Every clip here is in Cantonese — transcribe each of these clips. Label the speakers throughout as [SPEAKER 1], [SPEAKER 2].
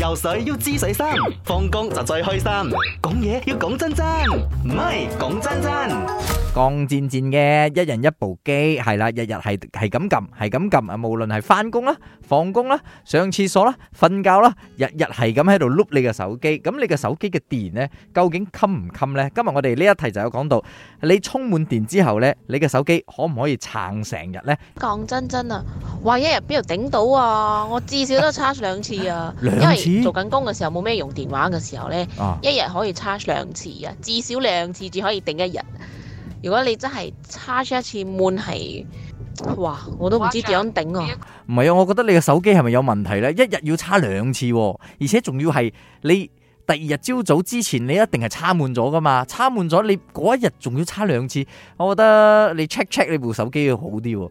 [SPEAKER 1] 游水要知水深，放工就最開心。講嘢要講真真，唔係講真真。講賤賤嘅，一人一部機，係啦，日日係係咁撳，係咁撳，無論係翻工啦、放工啦、上廁所啦、瞓覺啦，日日係咁喺度碌你嘅手機。咁你嘅手機嘅電呢，究竟襟唔襟呢？今日我哋呢一題就有講到，你充滿電之後呢，你嘅手機可唔可以撐成日呢？
[SPEAKER 2] 講真真啊！哇！一日邊度頂到啊？我至少都 charge 兩次啊， 次因為做緊工嘅時候冇咩用電話嘅時候呢、啊，一日可以 charge 兩次啊，至少兩次至可以頂一日。如果你真係 charge 一次滿係，哇！我都唔知點樣頂啊！
[SPEAKER 1] 唔係啊，我覺得你嘅手機係咪有問題呢？一日要 charge 兩次、啊，而且仲要係你第二日朝早之前你一定係 charge 滿咗噶嘛，charge 滿咗你嗰一日仲要 charge 兩次，我覺得你 check check 你部手機要好啲喎。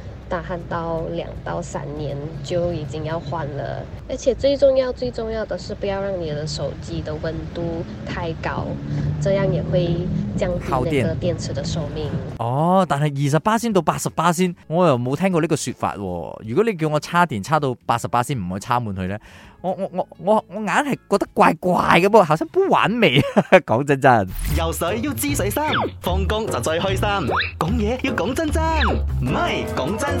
[SPEAKER 3] 打翻到兩到三年就已經要換了，而且最重要最重要的是不要讓你的手機的溫度太高，這樣也會降低那個電池的壽命。
[SPEAKER 1] 哦，但係二十八先到八十八先，我又冇聽過呢個說法，哦。如果你叫我叉電叉到八十八先唔可以叉滿佢咧，我我我我我硬係覺得怪怪嘅噃，後生不玩味。 講真真，游水要知水深，放工就最開心，講嘢要講真真，唔係講真。